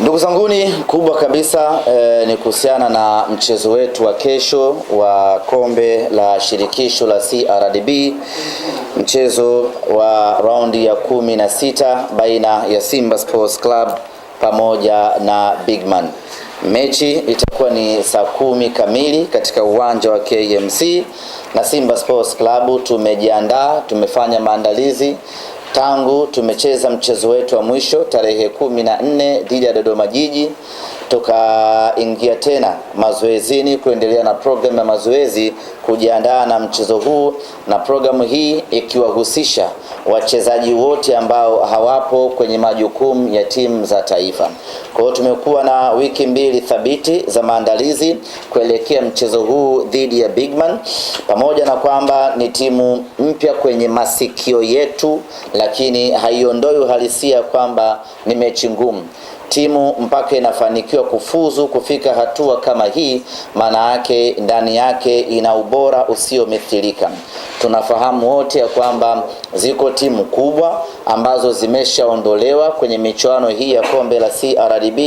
Ndugu zanguni, kubwa kabisa e, ni kuhusiana na mchezo wetu wa kesho wa kombe la shirikisho la CRDB, mchezo wa raundi ya kumi na sita baina ya Simba Sports Club pamoja na Bigman. Mechi itakuwa ni saa kumi kamili katika uwanja wa KMC, na Simba Sports Club tumejiandaa, tumefanya maandalizi tangu tumecheza mchezo wetu wa mwisho tarehe kumi na nne dhidi ya Dodoma Jiji, tukaingia tena mazoezini kuendelea na programu ya mazoezi kujiandaa na mchezo huu, na programu hii ikiwahusisha wachezaji wote ambao hawapo kwenye majukumu ya timu za taifa. Kwa hiyo tumekuwa na wiki mbili thabiti za maandalizi kuelekea mchezo huu dhidi ya Bigman, pamoja na kwamba ni timu mpya kwenye masikio yetu, lakini haiondoi uhalisia kwamba ni mechi ngumu timu mpaka inafanikiwa kufuzu kufika hatua kama hii, maana yake ndani yake ina ubora usiomithilika. Tunafahamu wote ya kwamba ziko timu kubwa ambazo zimeshaondolewa kwenye michuano hii ya kombe la CRDB.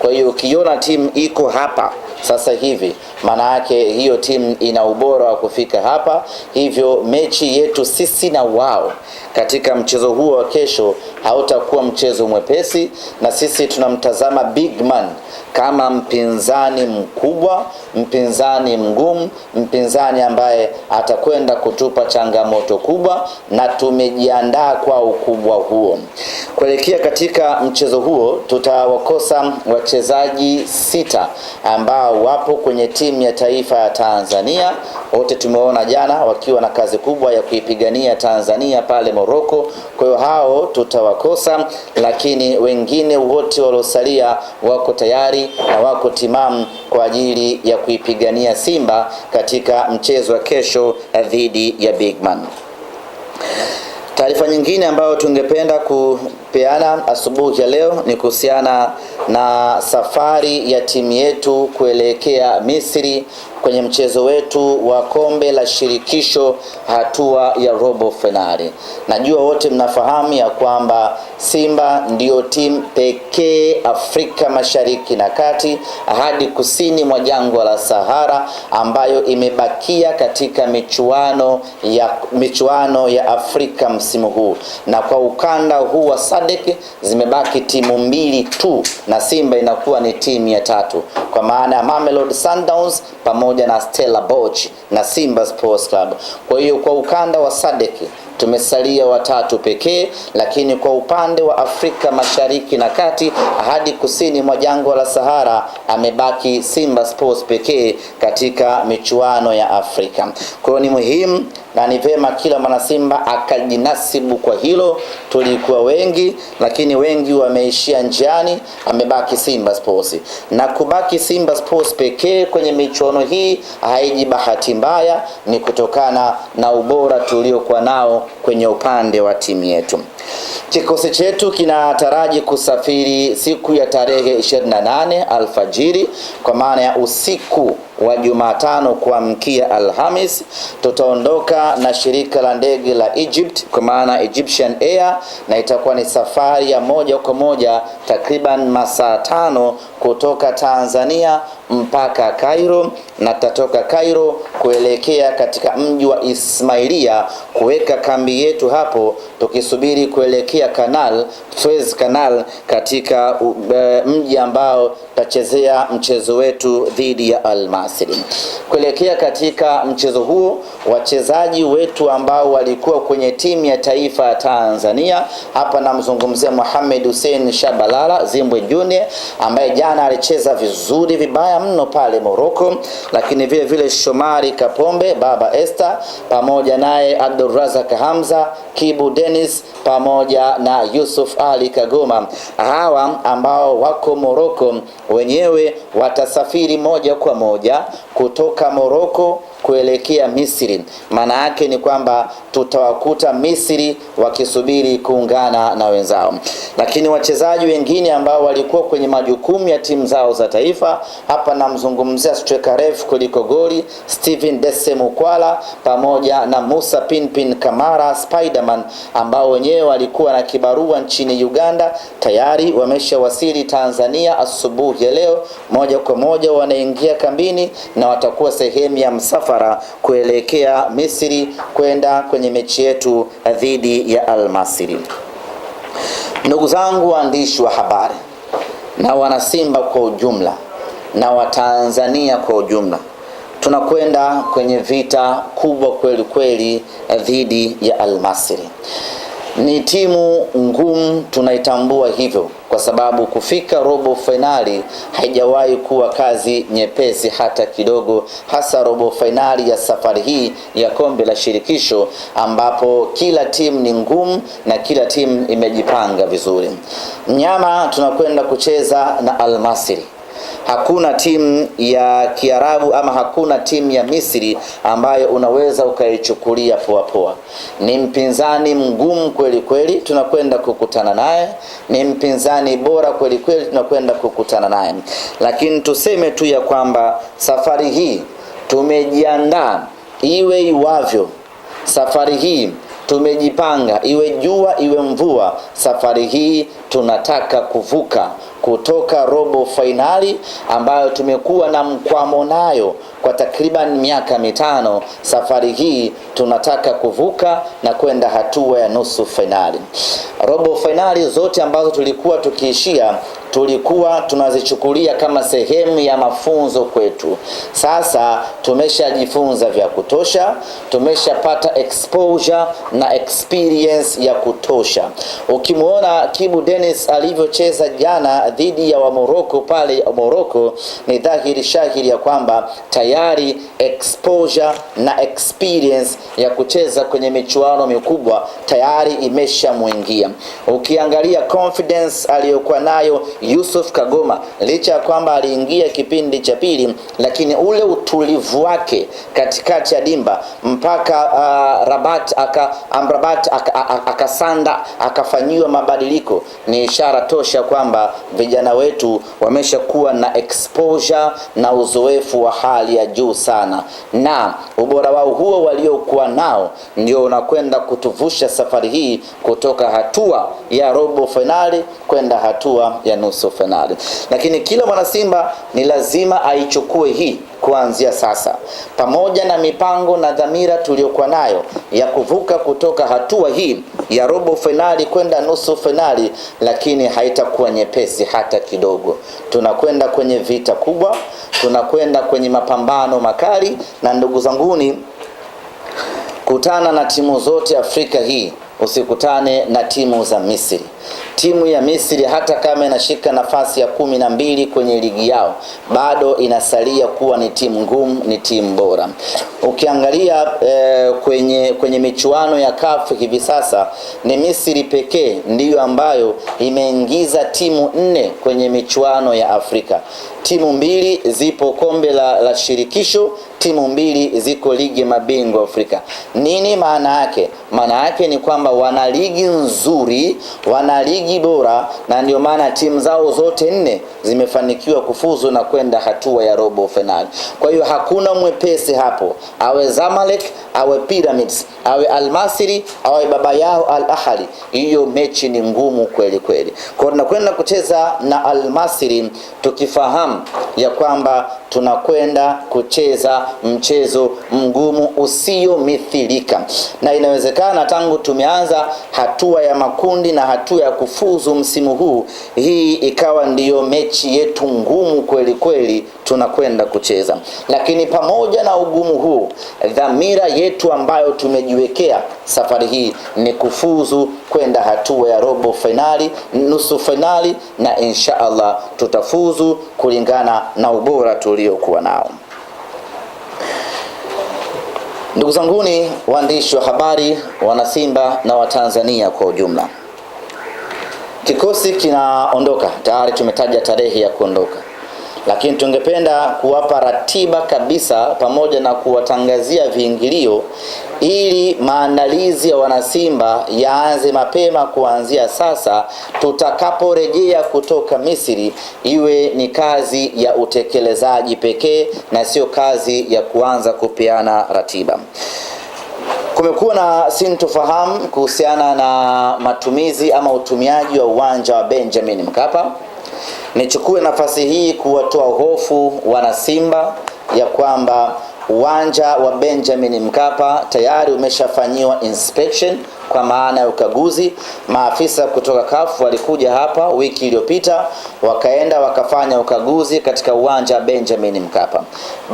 Kwa hiyo ukiona timu iko hapa sasa hivi, maana yake hiyo timu ina ubora wa kufika hapa. Hivyo mechi yetu sisi na wao katika mchezo huo wa kesho hautakuwa mchezo mwepesi, na sisi tunamtazama big man kama mpinzani mkubwa, mpinzani mgumu, mpinzani ambaye atakwenda kutupa changamoto kubwa, na tumejiandaa kwa ukubwa huo. Kuelekea katika mchezo huo, tutawakosa wachezaji sita ambao wapo kwenye timu ya taifa ya Tanzania. Wote tumeona jana wakiwa na kazi kubwa ya kuipigania Tanzania pale Morocco. Kwa hiyo hao tutawakosa, lakini wengine wote waliosalia wako tayari na wako timamu kwa ajili ya kuipigania Simba katika mchezo wa kesho dhidi ya Bigman. Taarifa nyingine ambayo tungependa kupeana asubuhi ya leo ni kuhusiana na safari ya timu yetu kuelekea Misri kwenye mchezo wetu wa kombe la shirikisho hatua ya robo fainali. Najua wote mnafahamu ya kwamba Simba ndiyo timu pekee Afrika Mashariki na Kati hadi kusini mwa jangwa la Sahara ambayo imebakia katika michuano ya, michuano ya Afrika msimu huu, na kwa ukanda huu wa SADC zimebaki timu mbili tu na Simba inakuwa ni timu ya tatu kwa maana ya Mamelodi Sundowns pamoja pamoja na Stella Boch na Simba Sports Club. Kwa hiyo kwa ukanda wa Sadeki tumesalia watatu pekee, lakini kwa upande wa Afrika Mashariki na Kati hadi kusini mwa jangwa la Sahara amebaki Simba Sports pekee katika michuano ya Afrika. Kwa hiyo ni muhimu na ni vema kila mwanasimba akajinasibu kwa hilo. Tulikuwa wengi, lakini wengi wameishia njiani, amebaki Simba Sports. Na kubaki Simba Sports pekee kwenye michuano hii haiji bahati mbaya, ni kutokana na ubora tuliokuwa nao kwenye upande wa timu yetu. Kikosi chetu kinataraji kusafiri siku ya tarehe 28 alfajiri, kwa maana ya usiku wa Jumatano kuamkia Alhamis. Tutaondoka na shirika la ndege la Egypt kwa maana Egyptian Air, na itakuwa ni safari ya moja kwa moja takriban masaa tano kutoka Tanzania mpaka Cairo, na tutatoka Cairo kuelekea katika mji wa Ismailia kuweka kambi yetu hapo tukisubiri kuelekea Canal, Suez Canal katika uh, mji ambao tachezea mchezo wetu dhidi ya Al Masry. Kuelekea katika mchezo huo, wachezaji wetu ambao walikuwa kwenye timu ya taifa ya Tanzania, hapa namzungumzia Mohamed Hussein Shabalala Zimbwe Junior ambaye jana alicheza vizuri vibaya mno pale Morocco, lakini vile vile Shomari Kapombe, Baba Esther, pamoja naye Abdulrazak Hamza, Kibu Dennis, pamoja pamoja na Yusuf Ali Kagoma, hawa ambao wako Moroko wenyewe watasafiri moja kwa moja kutoka Moroko kuelekea Misri. Maana yake ni kwamba tutawakuta Misri wakisubiri kuungana na wenzao, lakini wachezaji wengine ambao walikuwa kwenye majukumu ya timu zao za taifa, hapa namzungumzia striker refu kuliko goli Steven Desemukwala pamoja na Musa Pinpin Kamara Spiderman, ambao wenyewe walikuwa na kibarua nchini Uganda, tayari wameshawasili Tanzania asubuhi ya leo, moja kwa moja wanaingia kambini na watakuwa sehemu ya msafara msafara kuelekea Misri kwenda kwenye mechi yetu dhidi ya Al Ndugu zangu waandishi wa habari na wanasimba kwa ujumla na Watanzania kwa ujumla, tunakwenda kwenye vita kubwa kweli kweli dhidi ya Al Ni timu ngumu tunaitambua hivyo kwa sababu kufika robo fainali haijawahi kuwa kazi nyepesi hata kidogo, hasa robo fainali ya safari hii ya kombe la shirikisho ambapo kila timu ni ngumu na kila timu imejipanga vizuri. Mnyama tunakwenda kucheza na almasiri hakuna timu ya Kiarabu ama hakuna timu ya Misri ambayo unaweza ukaichukulia poa poa. Ni mpinzani mgumu kweli kweli tunakwenda kukutana naye, ni mpinzani bora kweli kweli tunakwenda kukutana naye, lakini tuseme tu ya kwamba safari hii tumejiandaa iwe iwavyo. Safari hii tumejipanga, iwe jua iwe mvua, safari hii tunataka kuvuka kutoka robo fainali ambayo tumekuwa na mkwamo nayo kwa takriban miaka mitano. Safari hii tunataka kuvuka na kwenda hatua ya nusu fainali. Robo fainali zote ambazo tulikuwa tukiishia tulikuwa tunazichukulia kama sehemu ya mafunzo kwetu. Sasa tumeshajifunza vya kutosha, tumeshapata exposure na experience ya kutosha. Ukimwona Kibu Dennis alivyocheza jana dhidi ya Wamoroko pale Moroko, ni dhahiri shahiri ya kwamba tayari exposure na experience ya kucheza kwenye michuano mikubwa tayari imeshamwingia. Ukiangalia confidence aliyokuwa nayo Yusuf Kagoma, licha ya kwamba aliingia kipindi cha pili, lakini ule utulivu wake katikati ya dimba mpaka uh, Rabat aka Amrabat akasanda aka, aka akafanyiwa mabadiliko ni ishara tosha kwamba vijana wetu wameshakuwa na exposure na uzoefu wa hali ya juu sana, na ubora wao huo waliokuwa nao ndio unakwenda kutuvusha safari hii kutoka hatua ya robo finali kwenda hatua ya nusu nusu fainali, lakini kila mwanasimba ni lazima aichukue hii kuanzia sasa, pamoja na mipango na dhamira tuliyokuwa nayo ya kuvuka kutoka hatua hii ya robo fainali kwenda nusu fainali, lakini haitakuwa nyepesi hata kidogo. Tunakwenda kwenye vita kubwa, tunakwenda kwenye mapambano makali, na ndugu zanguni, kutana na timu zote Afrika hii usikutane na timu za Misri. Timu ya Misri hata kama inashika nafasi ya kumi na mbili kwenye ligi yao bado inasalia kuwa ni timu ngumu, ni timu bora. Ukiangalia eh, kwenye, kwenye michuano ya CAF hivi sasa ni Misri pekee ndiyo ambayo imeingiza timu nne kwenye michuano ya Afrika. Timu mbili zipo kombe la, la shirikisho timu mbili ziko ligi mabingwa Afrika. Nini maana yake? Maana yake ni kwamba wana ligi nzuri, wana ligi bora, na ndio maana timu zao zote nne zimefanikiwa kufuzu na kwenda hatua ya robo finali. Kwa hiyo hakuna mwepesi hapo, awe Zamalek, awe Pyramids, awe Almasiri, awe baba yao Al Ahli, hiyo mechi ni ngumu kweli kweli. Kwa hiyo tunakwenda kucheza na Almasiri tukifahamu ya kwamba tunakwenda kucheza mchezo mgumu usiomithilika, na inawezekana tangu tumeanza hatua ya makundi na hatua ya kufuzu msimu huu, hii ikawa ndiyo mechi yetu ngumu kweli kweli tunakwenda kucheza. Lakini pamoja na ugumu huu, dhamira yetu ambayo tumejiwekea safari hii ni kufuzu kwenda hatua ya robo fainali, nusu fainali, na insha Allah tutafuzu kulingana na ubora tuliokuwa nao. Ndugu zanguni waandishi wa habari, wanasimba na watanzania kwa ujumla, kikosi kinaondoka tayari, tumetaja tarehe ya kuondoka lakini tungependa kuwapa ratiba kabisa pamoja na kuwatangazia viingilio ili maandalizi ya wanasimba yaanze mapema kuanzia sasa. Tutakaporejea kutoka Misri, iwe ni kazi ya utekelezaji pekee na sio kazi ya kuanza kupeana ratiba. Kumekuwa na sintofahamu kuhusiana na matumizi ama utumiaji wa uwanja wa Benjamin Mkapa. Nichukue nafasi hii kuwatoa hofu wana Simba ya kwamba Uwanja wa Benjamin Mkapa tayari umeshafanyiwa inspection kwa maana ya ukaguzi. Maafisa kutoka CAF walikuja hapa wiki iliyopita, wakaenda wakafanya ukaguzi katika uwanja wa Benjamin Mkapa.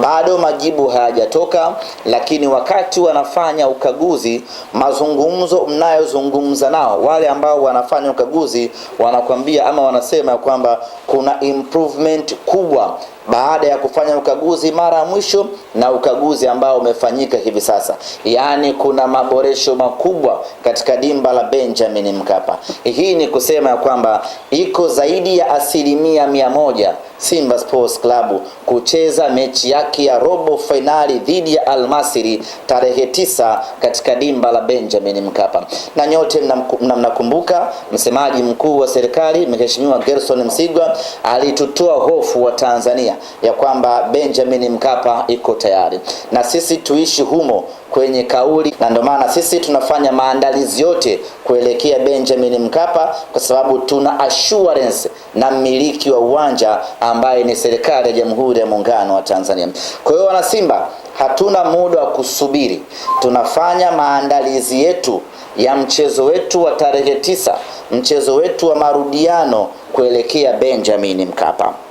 Bado majibu hayajatoka, lakini wakati wanafanya ukaguzi, mazungumzo mnayozungumza nao wale ambao wanafanya ukaguzi wanakwambia ama wanasema kwamba kuna improvement kubwa baada ya kufanya ukaguzi mara ya mwisho na ukaguzi ambao umefanyika hivi sasa, yaani kuna maboresho makubwa katika dimba la Benjamin Mkapa. Hii ni kusema ya kwamba iko zaidi ya asilimia mia moja Simba Sports Club kucheza mechi yake ya robo fainali dhidi ya Almasiri tarehe tisa katika dimba la Benjamin Mkapa. Na nyote mnakumbuka mna, msemaji mkuu wa serikali Mheshimiwa Gerson Msigwa alitutoa hofu wa Tanzania ya kwamba Benjamin Mkapa iko tayari na sisi tuishi humo kwenye kauli, na ndio maana sisi tunafanya maandalizi yote kuelekea Benjamin Mkapa kwa sababu tuna assurance na mmiliki wa uwanja ambaye ni serikali ya Jamhuri ya Muungano wa Tanzania. Kwa hiyo wanasimba, hatuna muda wa kusubiri, tunafanya maandalizi yetu ya mchezo wetu wa tarehe tisa, mchezo wetu wa marudiano kuelekea Benjamin Mkapa.